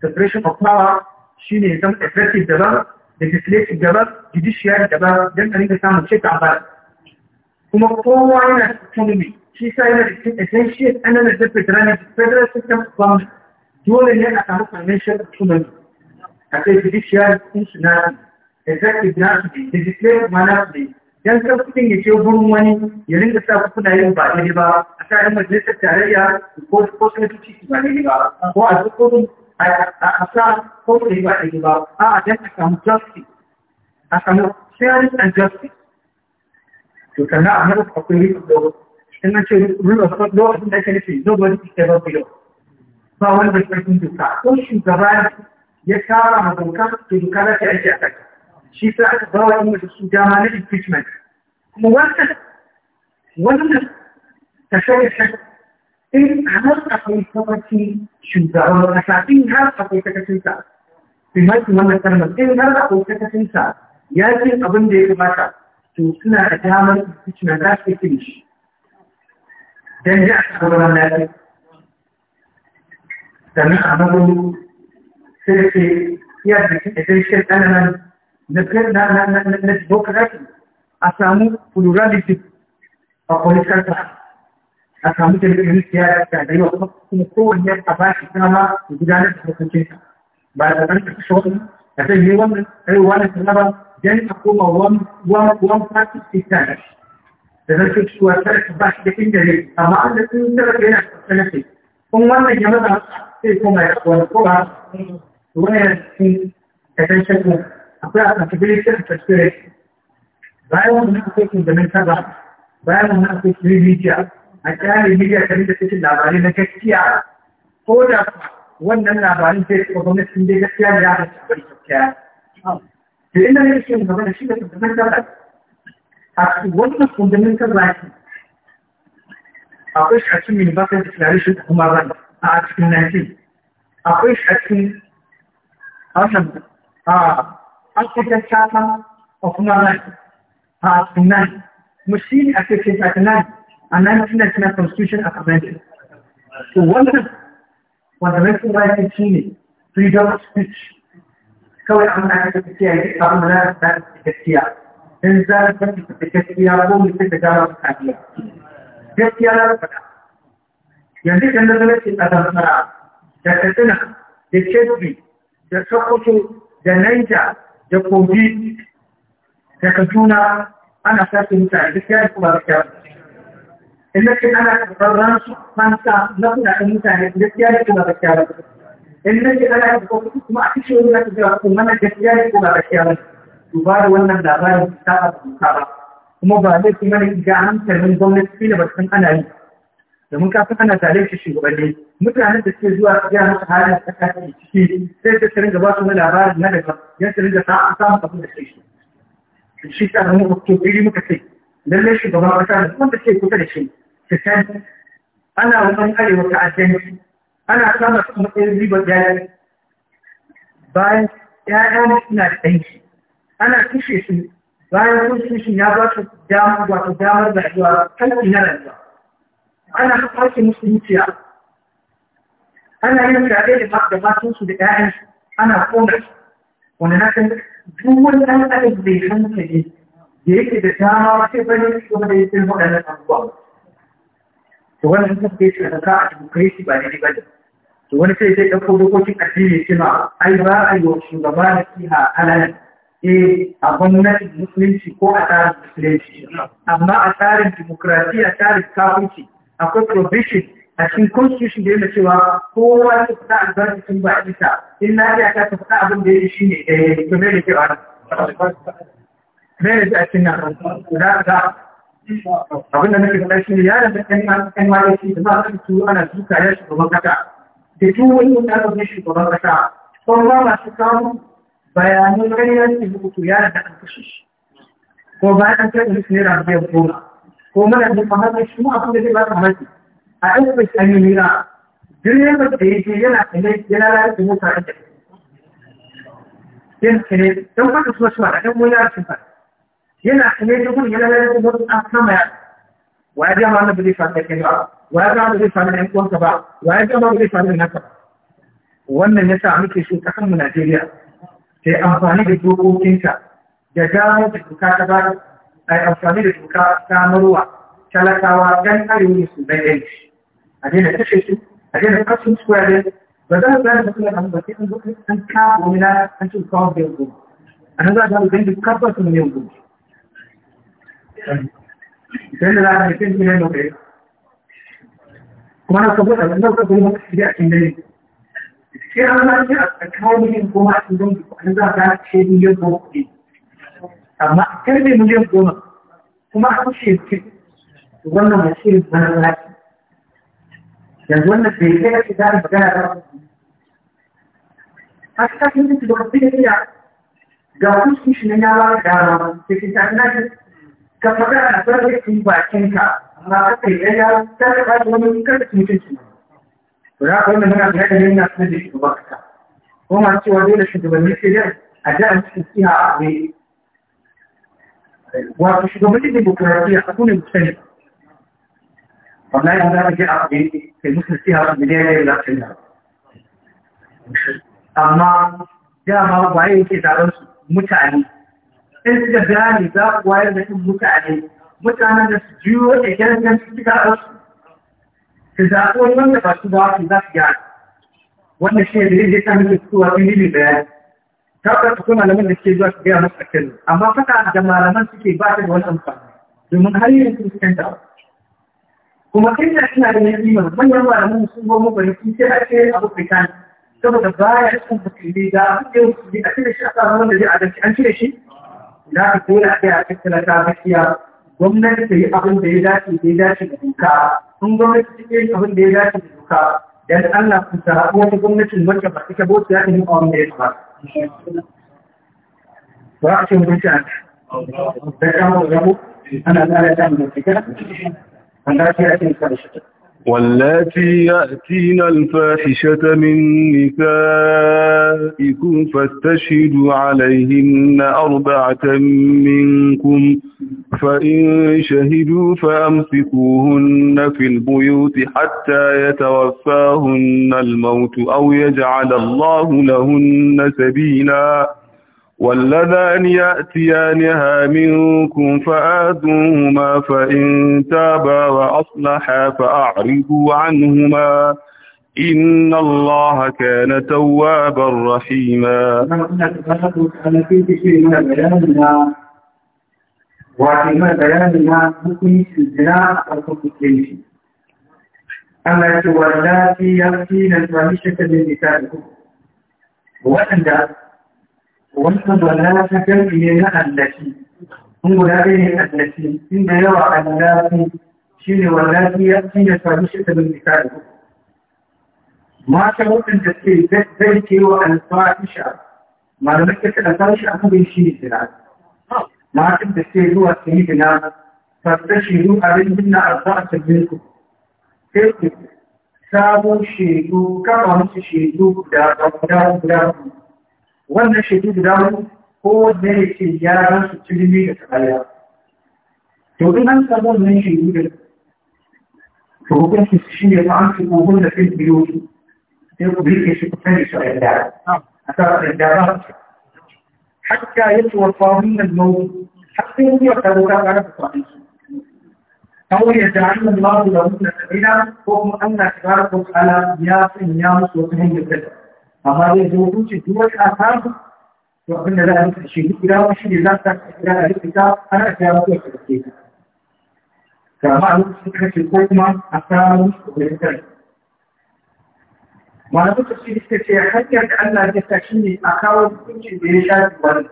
separation of power shine zan effective da ba legislative da ba judiciary da ba dan kan da samu ce ba kuma kowa yana autonomy shi sai yana cikin essential analysis da federal federal system of government dole ne a samu financial autonomy a kai judiciary institutional executive national legislative management yan san kuɗin ya ce gurin wani ya rinka sa kuna yin ba daidai ba a sa yan majalisar tarayya ko ko sanatoci su ba daidai ba ko a duk gurin a sa ko su yi ba daidai ba a a dan a samu justice a samu fairness and justice to sannan a nan akwai rikon dogo in na ce rikon dogo da ake nufi nobody is ever below ba wani bai karfin doka ko shugaba ya kara ma to duka za ta aiki a kai شفاء الضوء والجمال الفتمة موافق ولا تشوف إن علاقة الفترة شنزع ومساعدين علاقة الفترة بما تمنى ترمز إن علاقة الفترة يجب أبن دير ماتا توسنا أداما فتمة لا تفتنش دنجا أشعر ملاتي دمع عمله سيكي يبدو إذا شئت أنا من na na na democracy a samu plurality a political class a samu jirgin siyasa da yawa kuma kowanne a ba shi dama da gudanar da hukuncinsa ba da ɗan kashe wani da zai yi wannan kai wani sana ba don a koma one party system da zai ce cewa sarki ba shi da inda ne amma an da sun sarki yana sanarwa kun wannan jama'a sai koma ya wani kowa wani cikin attention akwai accountability and transparency bayan wannan akwai fundamental rights bayan wannan akwai free media a kyare media ta rinda cikin labarai na gaskiya ko da wannan labarin zai kuma gwamnatin dai gaskiya ne ya haka cikin gaskiya da inda ne shi gaba da shi da fundamental rights a wannan fundamental rights akwai shi a cikin universal declaration of human rights a cikin 19 akwai shi a cikin architecture of human rights in 9. a Association Act 9 and 1999 Constitution as amended. So one thing was wanda rest of ya shi ne freedom of speech. Kawai an na ake ya ke samun na da gaskiya. In za a san da gaskiya ko mutum da gara da kariya. Gaskiya na da Yanzu idan na zama ce tsadan fara da Katsina da Kebbi da Sokoto da Niger da kogi da kaduna ana sace mutane duk ya kuma da kyau inda ke ana karɓar ransu fansa na kuɗaɗen mutane duk ya kuma da kyau inda ke ana karɓar kuɗi kuma a cikin wani zaka jawa kuma na gaskiya ne kuma da kyau duba da wannan labarin ta ba kuma ba zai kuma ne ga hankalin gwamnati ne ba san ana yi domin kafin ana tare da shugabanni mutanen da suke zuwa ya musu halin da ta ke ciki sai ta shirin gaba su na labarin na daga yan shirin da ta samu abin da shi shi ta zama wato iri muka ce lalle shugaban kasa da wanda ke kusa da shi ta san ana wani arewa ta addini ana samun su matsayin ribar yayi bayan ya'yan suna da ɗanki ana kishe su bayan kun shi ya ba su damar wato damar rayuwa zuwa kalki na rayuwa ana kwace musu zuciya ana yin tare da ba da matan su da ƴaƴan ana kona su wanda na san duk wani ɗan adam bai hankali da yake da dama wace bane shi wanda yake waɗannan abubuwa to wannan sun ce shi da ka a demokrasi ba ne ba ne to wani sai zai ɗauko dokokin addini cewa ai ba a yi wa shugaba na siha alalan eh a gwamnatin musulunci ko a tsarin musulunci amma a tsarin demokrasi a tsarin kafirci akwai provision a cikin constitution da yana cewa kowa ya fita albarkacin ba a isa in lafiya ta ta fita abin da ya yi shi ne ɗaya to me da ke me da ce a cikin nan za ka abin da nake faɗa shi ne ya da ɗan ɗan malaki da ba a su ana duka ya shugaban kasa da duk wani wanda aka bai shugaban kasa kuma masu kawo bayanan ganyen su ya da ɗan kashe shi ko bayan an kai da naira biyar goma كومن عندي فهمت شو أقول لك بعد فهمت أنا مش أنا ميرا جريمة بدي جينا إن جينا لا تبغى تعرف جين كده تبغى تسمع شو أنا مو يعرف شو جينا إن جينا لا تبغى تعرف ما يعرف وأجي ما أنا بدي فهمت كده وأجي ما بدي فهمت إن كون كبار وأجي ما بدي فهمت إن كبار وأنا نسا عمي كيشو تكمل نيجيريا في أمباني بدو كوكينكا جاجاو تكوكا كبار a amfani da doka samarwa talakawa don arewa su da yanci a daina kashe su a daina kashin square ba za a zai da kuma kamar sai an zuka an kawo mina an ci kawo biyar goma a nan za a zai gangi kafa su miliyan goma idan da za a haifin miliyan da kai kuma na sabo da wannan kafa kuma su a cikin dare sai an zai a kawo miliyan goma a cikin dare a nan za a zai ce miliyan goma kuɗi amma karbe miliyan goma kuma an ce wannan mace wannan lafi yanzu wannan da ya kai ake tsarin magana da wani a cikin yanzu da wasu iya ga wasu shi na yawa da cikin tsarin lafi ka magana a sarari su yi bakin ka amma ka kai ya yawa ta da ba wani karfe mutunci to na kawai magana da yadda yana sanar da shugaban kasa kuma cewa dole shugabanni ke dai a jihar cikin siya a wani وفي جمهورية الديمقراطية حتكون مختلفة والله أنا أرجع في المسلم فيها بداية إلى آخرها أما dama waye yake taron su mutane sai suka gane za ku wayar da kan mutane mutanen da su jiyo da gangan su suka ɗan su zaɓi wani wanda ba su ba su za su gyara wanda shi ne da yake kan yake fitowa sun yi bayani ta ka akwai malaman da ke zuwa su gaya masu akan amma fata da malaman suke ba da wani amfani domin har yin sun sukan ta kuma kai na ina da yanzu mai manyan malaman sun zo mu bari sun sai ake abu kai saboda ba ya sun musulmi da a da musulmi a cire shi a tsarin wanda zai a gaske an cire shi da aka dole a kai a tattala ta gaskiya gwamnati ta yi abin da ya dace da ya dace da duka. sun gwamnati ta yi abin da ya dace da duka. dan Allah ku ta wata gwamnatin wacce ba take bota ta yi a wanda ya ba Wa'afin da ta ake, ta ta ta ta ta ta ta ta ta ta ta ta ta ta واللاتي يأتين الفاحشة من نسائكم فاستشهدوا عليهن أربعة منكم فإن شهدوا فأمسكوهن في البيوت حتى يتوفاهن الموت أو يجعل الله لهن سبيلاً واللذان يأتيانها منكم فآتوهما فإن تابا وأصلحا فأعرضوا عنهما إن الله كان توابا رحيما أما بياننا في الزنا والكفر أما واللاتي يأتين الفاحشة من نسائكم وأن wasu balata gami ne na allafi sun guda ɗaya ne allafi inda yawa allafi shi ne wallafi ya fi ya sami shi tabin misali mata waɗanda ke zai ke wa alfahisha malamai ta kaɗa sashi a kan shi ne zina matan da ke zuwa su yi zina sarta shiru a rikin na alfa'a ta binku sai ku sabon shaidu kama musu shaidu guda guda guda وانا شديد دامن هو من السيارة ستلمي لتغير جو دي من سابون من شديد جو دي من سيشين يطعن في قوهن في البيوت يقول بيكي سيكوثاني سوى الدارة أترى الدارة حتى يسوى الفاهمين النوم حتى يقول لك أنا بطعن أو يجعل الله لهم سبيلا هم أن أكبركم على مياه المياه وسوى الدارة اما اذا كنت تقول اخر فقلنا لا شيء الى وشي لا تقرا الكتاب انا كتابه كتابي كما ان فكره الحكم اثار وبالتالي ما نقص في الشيء حتى ان التكشين اخاو كل شيء بيشاد بل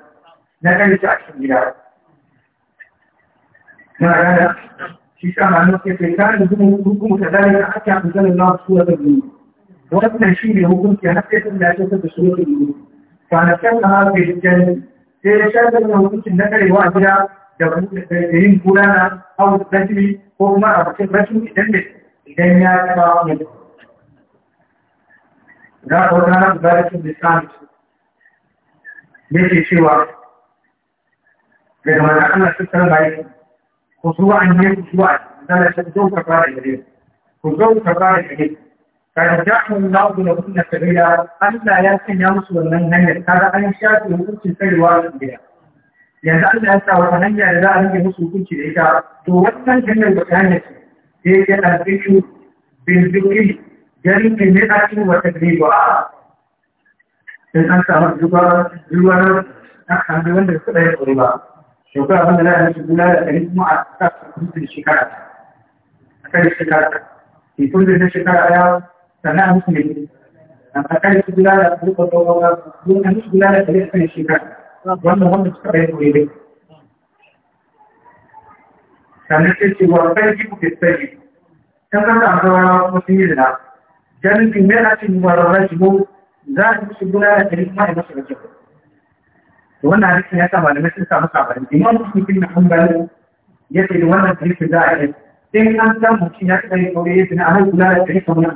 لا كان يتاكد الى ما انا شيء كان نقص في الكلام بدون حكم كذلك حتى ان الله سوره wannan shi ne hukunci har sai sun dace da su da gobe kwanakan na haka yi jani sai ya shaɗa da hukuncin na karewa a gida da yin gudana hau rasmi ko kuma a bakin rasmi idan ne idan ya taɓa wani za a wata na zaratin lissafi yake cewa daga mana ana tattara bayan ku zuwa an yi zuwa zana shi zo ka fara gare ku zo ka fara gare فنجعل الله لهن سبيلا ألا يأتي يمس ومن هي هذا أن شاءت وقلت yanzu Allah ya sa wata hanya da za a rage musu hukunci da ita to wannan hanyar da ta hanyar ce sai ya bin ne da cikin wata sai an samu zuwa na kan wanda suka yi tsoro ba ka na da ɗari kuma a shekara a kan shekara shekara ɗaya sannan a musu ne a tsakanin su gudana da duk wata wata duk an su gudana da duk kan shekara wannan wanda suka bai koyi bai sannan sai ce wa bai ji kuke sai can kasa a kawo kuma sun yi zina jarin kimiyya na cin wararra shigo za a musu gudana da duk ma'a masu rake wannan ya sa malamai sun muslim na hanbali ya ce da wannan hadisin za a yi sai ya taɓa yin aure ya zina a hankula da ɗari kamar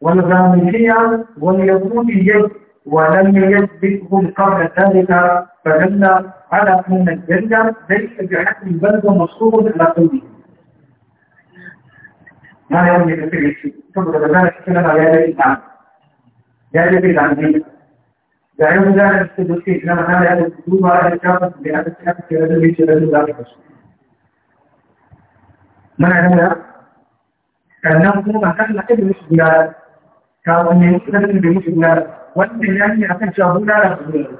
والغامسية واليهودية ولم يسبقهم قبل ذلك فدل على أن الجنة ليس بحكم بلد هو مصروف على قلبه ما يوم يعني يتفعل شيء تبقى بذلك كلمة لا يجب عن لا يجب عن دين لا يوم لا شيء إنما هذا يجب بدون ما يتكافت بأن السنة في رجل ليس رجل ذلك ما يوم يعني يعني أنه ما كان إبليس بلاد kawo ne sassan da musu na wanda ya yi akan cewa da su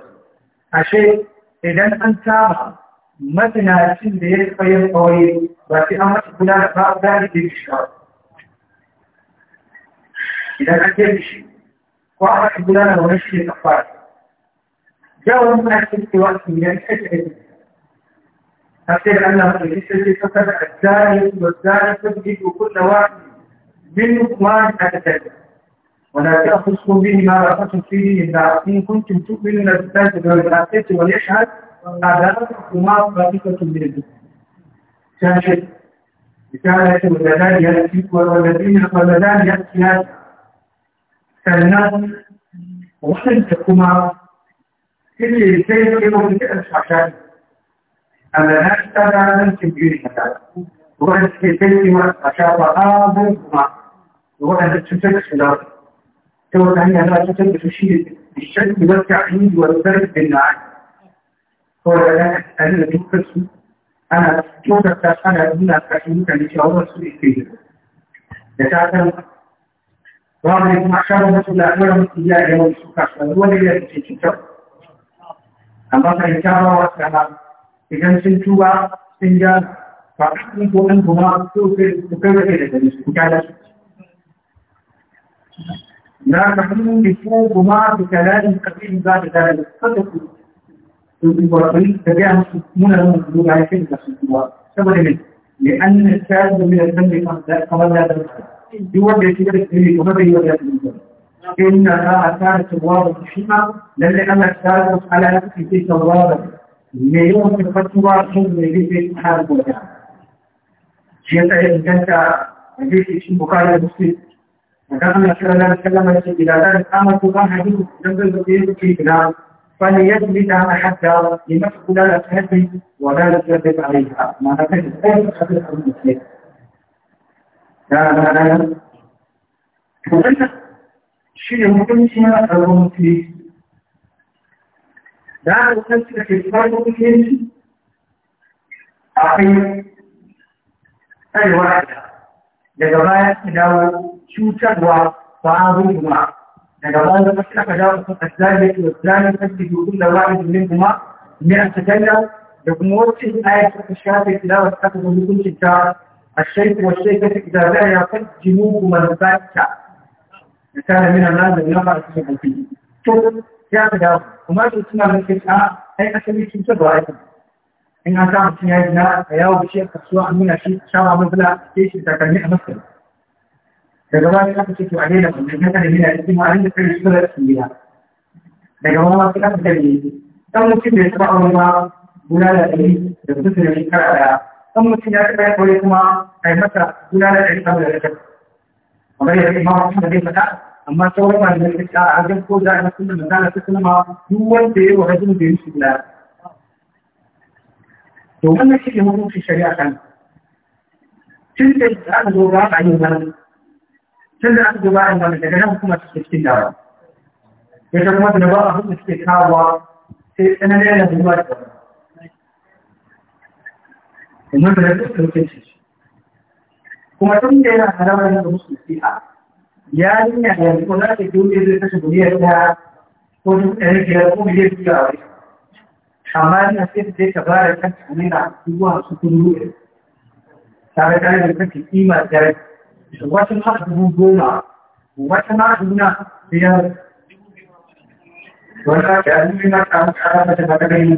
ashe idan an saba matinacin da ya tsaye kawai ba sai an masa gudanar ba za a yi shi ba idan an yi shi ko an masa gudanar wani shi ne kafa yawon muna cikin cewa su yi ake أقول أنه ليس فقد الزاني والزاني تبدي كل واحد منهما أتكلم ولا تأخذكم به ما رأتكم فيه إلا إن كنتم تؤمنون بالله والآخرة والإشهاد هذا وما رأتكم به شاشد رسالة ولدان يأتيك والذين ولدان يأتيك سنة وحدكما شيء يقول لك أنت عشان أنا لا أشتغل على أنت تبجيني هذا وأنت في بيتي وأشار وآبوكما وأنت تتكسر كما تعين أنها تتم تشيل الشكل والتعيين والفرد بالمعاني هو لا أنا أتوقف أنا أتوقف أنا هنا أتحييك أن شاء الله سوء فيه يتعلم رابع محشر رسول أحمد إياه يوم السكر هو الذي يتشكر أما فإن كان واسعا إذا سنتوا سنجان فأحييك أنهما سوء في المكبر إلى ذلك لا تكون ما بكلام قبيل بعد ذلك صدق الإبراهيم تبعهم من المخلوق على شيء سبب منه لأن الشاذ من الذنب كما لا تنسى يوجه كبير الذنب وما بيوجه الذنب إن الله كان توابا رحيما لأن أنا الشاذ على نفسه توابا ليوم الفتوى حين في سبحانه وتعالى شيء إن كانت حديث البخاري المسلم وكان صلى الله عليه وسلم يقول إذا كانت قامت أحدكم ينزل بيده في كلام فليجلس حتى لمسكن أسهله ولا يشرف عليها ما نفذ أي حديث عن المسلم كان وقلت شيء مهم شيء أكبر فيه لا أفكر في الفرق فيه أخي أي واحد لغاية داود cutarwa بعضهما لقد مثل كلام الزانية والزاني فاسجدوا كل واحد منهما مئة سجنة يقومون آية الشافعي تلاوة تأخذ من كل شجار الشيخ والشيخة إذا لا يفجنوهما البتة كان من الناس من يقع السجن فيه شوف يا كلام وما تسمع من كتاب أي أسمي تنتظر أيضا إن أنت عم تنعيدنا يا وبشيخ السواء من الشيخ شرع مبلغ كيش تكلمي أمثل daga baya aka ce to a daina mutum da gida cikin ma'anin da kai su da su gida daga baya sai aka tare dan mutum da ya taba ma guda da ɗari da su da shi kara daya dan mutum ya taba aure kuma kai masa guda da ɗari saboda da kai kamar yadda imamu Ahmad ya faɗa amma sauran malamai da ta a ga ko da na sunna manzala ta kuma duk wanda ya yi wa da shi da to wannan shi ne hukuncin shari'a kan tun da aka zo ba a yi wannan tun da aka gabatar wani daga nan kuma suke cikin dawa ya kuma da ba abin da suke kawowa sai tsananin yana zuwa da wani kuma da yanzu da wuce ci kuma tun da yana haramar da musu fi'a ya yi na yanzu ko za ta dole zai kashe duniyar ta ko duk ɗari biyar ko biyar biyu a wani amma yana sai da zai tabara kan tsanina zuwa su kudu tare da yanzu kake kima da rai wata har dubu goma wata har duna biyar wata da yanzu na samu kara mata ba ta gani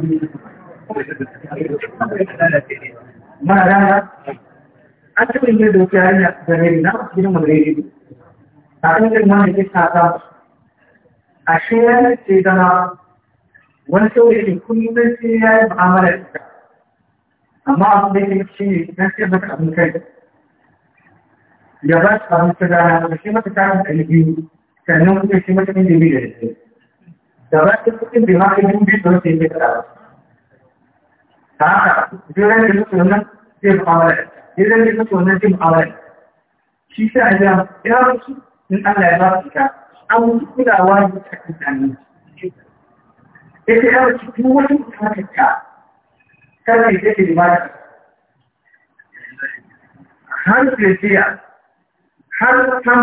mara an taɓa yin da hanya da rai na gidan mu da rai a kan girma ke sata a shayar ce zama wani saurayi kullum sai ya yi ma'amala amma abin da ke shi ne na sai baka abin kai ya ba shi abin ta gara da shi mata kayan ɗari biyu sannan kuma shi mata biyu da shi da ba shi kuɗin bai ma ɗin biyu da wasu ya bai kaɗa ta haka jiran da suke wannan zai mu'amala jiran da mu'amala shi in Allah ya an kulawa ta ta har jiya har kan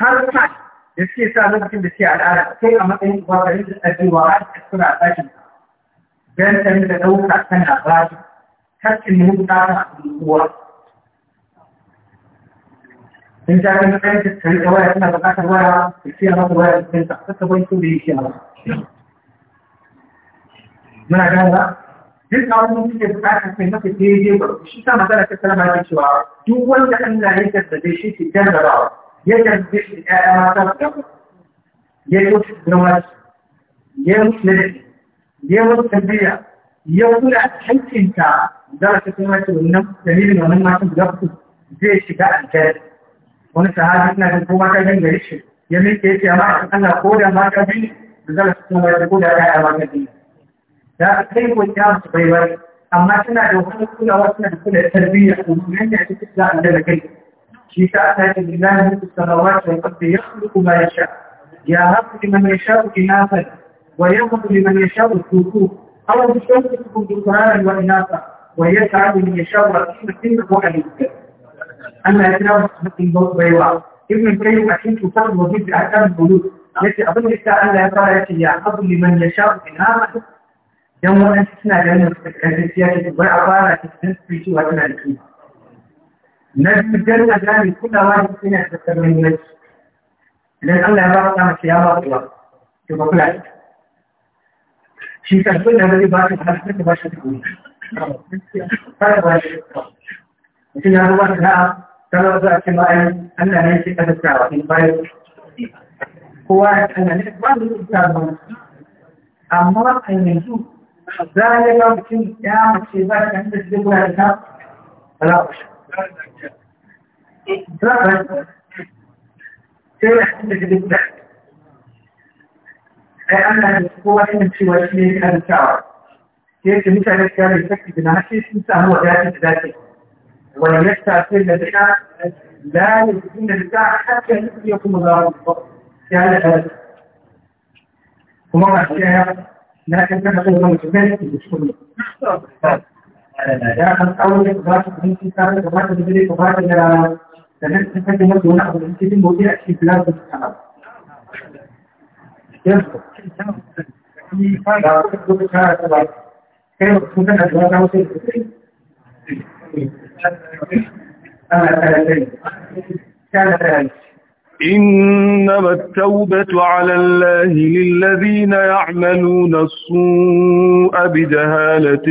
har kan da suke sa lokacin da suke al'ada kai a matsayin uwa ka rinka tsarewa har ka suna ɗakin don ta da ɗauka tana ba shi har ki nemi tsara uwa in ta rinka ɗakin ta ta rinka waya tana buƙatar waya ta ce a masa waya da ta rinka ta bai su da yake masa muna gaba duk abin da suke bukata kai maka daidai ba shi sa magana ta salama ya cewa duk wanda Allah ya jarrabe shi ke jarrabawa ya jarrabe shi da ƴaƴa mata da ya yi wasu nawaci ya yi wasu ladabi ya yi wasu ya kula hankinta za ta kuma ce wannan dalilin wannan matan guda zai shiga aljanna wani sahabi suna da kuma ta jin gari shi ya miƙe ya ce amma Allah ko da mata biyu da za ta kuma da ƴaƴa mata biyu لا أكيد والناس صغيرة أما سنة لو كانت كل وسنة كل التربية ومن يعني تبدأ من ذلك شيء تأتي بالله من السماوات والأرض يخلق ما يشاء يا رب لمن يشاء إناثا ويغفر لمن يشاء الذكور أو يشوفكم ذكرانا وإناثا ويجعل من يشاء رحيما إنه عليم أما يتناول سبحانه البوت بيضاء ابن القيم أحيط فرد وجد أحكام المولود التي أظن أن لا يرى يا رب لمن يشاء إناثا don waɗansu suna ganin wasu ƙarfi siyasa su bai a fara ta cikin spiritu wata na da kima. Na biyu don a gane kulawa da suna da tattalin muhimmanci. Idan Allah ya ba ka mace ya ba kuwa, to ba kula da Shi ka so da zai ba ka ba ka ba shi da kuma. Ba ba shi da Mutum ya zuba sana'a, kamar za a ce ma'ayin Allah ne shi ka tattawa in bayan kowa ya tsanani ba mu yi amma a yanzu ذلك بكل يا مكسيبات عند الجبل هذا فلا أشك ذلك سيح عند الجبل أي أن القوة تمشي وتمشي هذا الشعر كيف مثل الشعر يفكر بنفسه تنسى هو ذاتي ذاتي ولم يستعصي الذين لا يجدون البتاع حتى يكون مضارب في هذا الهدف ومرة الشعر na kan kama zai wani jimai da shi da da kan kawo ne ba su kan shi da ba ta da zai ba ta da da nan kan kake masa wani abu da shi din gobe a cikin filan da ta ba إنما التوبة على الله للذين يعملون السوء بجهالة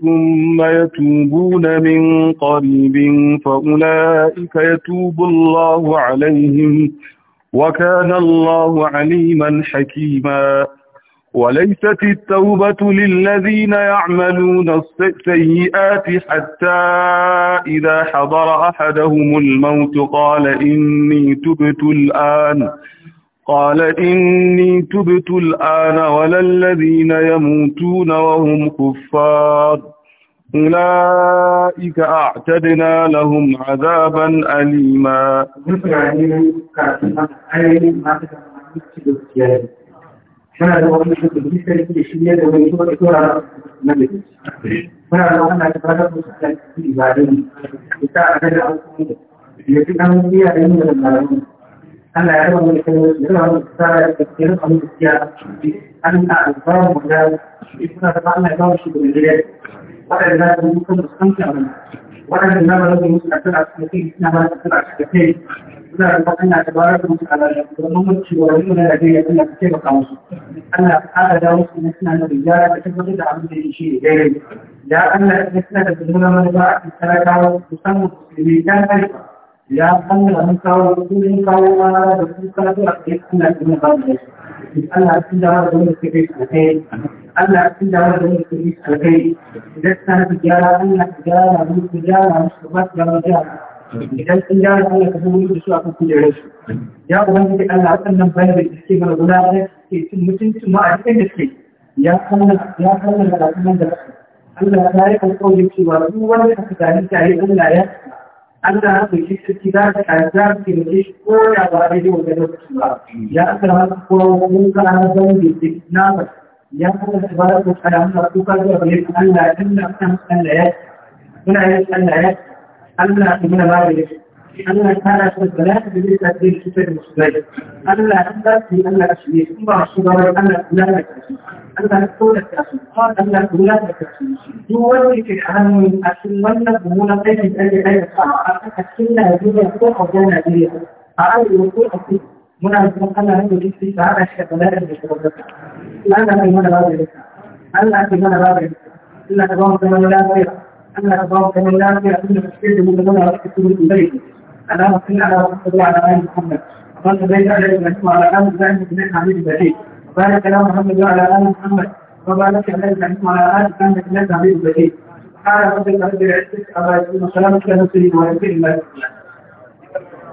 ثم يتوبون من قريب فأولئك يتوب الله عليهم وكان الله عليما حكيما وليست التوبة للذين يعملون السيئات حتى إذا حضر أحدهم الموت قال إني تبت الآن قال إني تبت الآن ولا الذين يموتون وهم كفار أولئك أعتدنا لهم عذابا أليما tana da wani shi da bisa da shirya da wani kuma tura na da tana da wani da fara da su da ibadun ita a da alƙawari ya fi kan iya da yin da malamu Allah ya rama da kai da rama da tsara da tsirin abin gaskiya an ta alfara mu da ita da Allah ya ba shi da gire wadanda za su mutu san ta wadanda na ba da mutu da tsara da kai na ba da tsara da kai suna da ana tabarar da mutane da gwamnati wa wani na Najeriya suna ta taimaka musu. Ana ƙara dawo su na suna da gyara da tabbatar da abin da ya shi da daidai. Ya Allah ya suna da zuwa manufa a cikin talakawa musamman musulmi ta haifa. Ya Allah mun kawo kudin kawo ma da kuma karatu a cikin suna da mun kawo Allah ya sun dawo da wani suke kai alkai. Allah ya sun dawo da wani suke kai alkai. Idan suna da gyara Allah ya gyara musu gyara musu ba su gyara gyara. Idan sun gyara hanyar ka sun da su a kan kujerar su. Ya ubangiji Allah waɗannan bayan da suke mana gudanar suke cin mutuncin ma'aikatan da suke ya kallon ya kallon da nan da Allah ya yi alƙawarin cewa duk wanda aka gani ta yi Allah ya Allah ya ɗauki sarki za ta kare za ta taimake shi ko da ba a yi wajen lokaci ba. Ya aka rama ko mun kana zan da ke na ba. Ya aka tabara ko kalamun da kuka zuwa bayan Allah ya dinga kan Allah ya. Muna yin Allah ya. ألا من ذلك أن كانت البنات بالنسبة للكتاب المسلمين ألا تبدأ في أن الأشياء ثم رسول الله أن لا تكتب أن تكون التأسيس قال أن لا تكتب يولك عن أسلمنا بمولة من أجل أي صعب أسلنا هذه الصوحة الجانبية أعلى الوصوحة فيه من أن هذا الاستفاعة الشبلات المشروعة لأن في من رابع لك ألا في من رابع لك إلا تبارك ولا غيره أن أصابك من لا يأتون مسجد مدمنا وتكتبون إليه أنا أصلي على رسول على آل محمد وقال بيت على إبراهيم وعلى آل إبراهيم بن حميد بعيد وبارك على محمد وعلى آل محمد وبارك على إبراهيم وعلى آل إبراهيم بن حميد بعيد سبحان ربك رب العزة عما يصفون وسلام على المرسلين والحمد لله